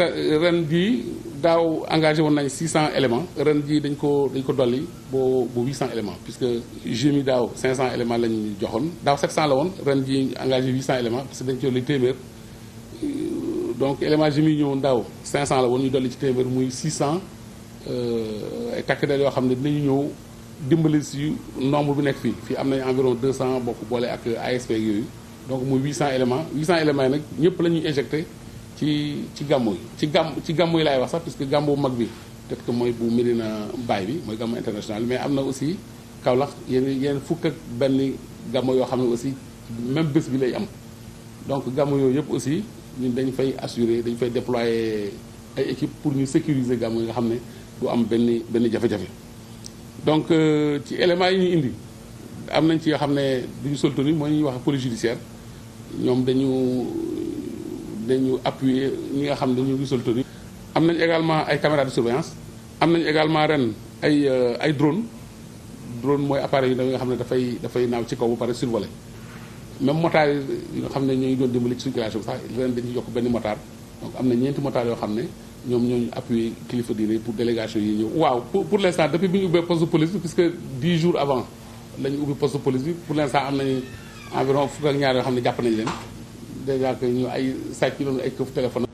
Euh, ren jii daaw engagé woon nañ 600 éléments ren jii dañ ko dañ ko dolli boo bu 800 éléments puisque jémi daaw 500 éléments lañ joxoon daaw 700 la woon ren jii engagé 800 éléments parce que dañ ci dolli téeméer euh, donc éléments jémi yi ñëwoon daaw 500 la woon ñu dolli ci téeméer muy 600 euh, ay takk del yoo xam ne dinañu ñëw dimbali si nombre bi nekk fii fii am nañ environ boo bokk boole ak ASP yooyu donc muy 800 éléments 800 ci ci gàmmu yi ci gàmm ci gàmmu yi laay wax sax puisque gàmmu mag bi peut-être que mooy bu Medina Baay bi mooy gàmmu international mais am na aussi Kaolack yenn yenn fukk ak benn gàmmu yoo xam ne aussi même bés bi lay am donc gàmmu yooyu yëpp aussi ñun dañ fay assurer dañ fay déployer ay équipe pour ñu sécuriser gàmmu yi nga xam ne du am benn benn jafe-jafe donc euh, ci éléments yi ñu indi am nañ ci yoo xam ne ñu soltoni mooy ñuy wax police judiciaire ñoom dañu ñu appuyer ñi nga xam ne dañu gisal tëdd am nañ également ay caméras de surveillance am nañ également ren ay euh, ay drone drone mooy appareil yu ndaw yi nga xam ne dafay dafay naaw ci kaw ba pare survolé même motard yi xam ne ñu ngi doon dimbali ci circulation bi sax ren dañuy yokk benn motard donc am na ñeenti motard yoo xam ne ñoom ñooñu appuyé kilifa diine pour délégation yi ñëw waaw pour pour l' instant depuis bi ñu ubbee poste de police bi puisque 10 jours avant pour l' instant am nañu ñaar yoo xam ne jàpp nañu leen déjà que ñu ay sàcc loolu ay këf téléphone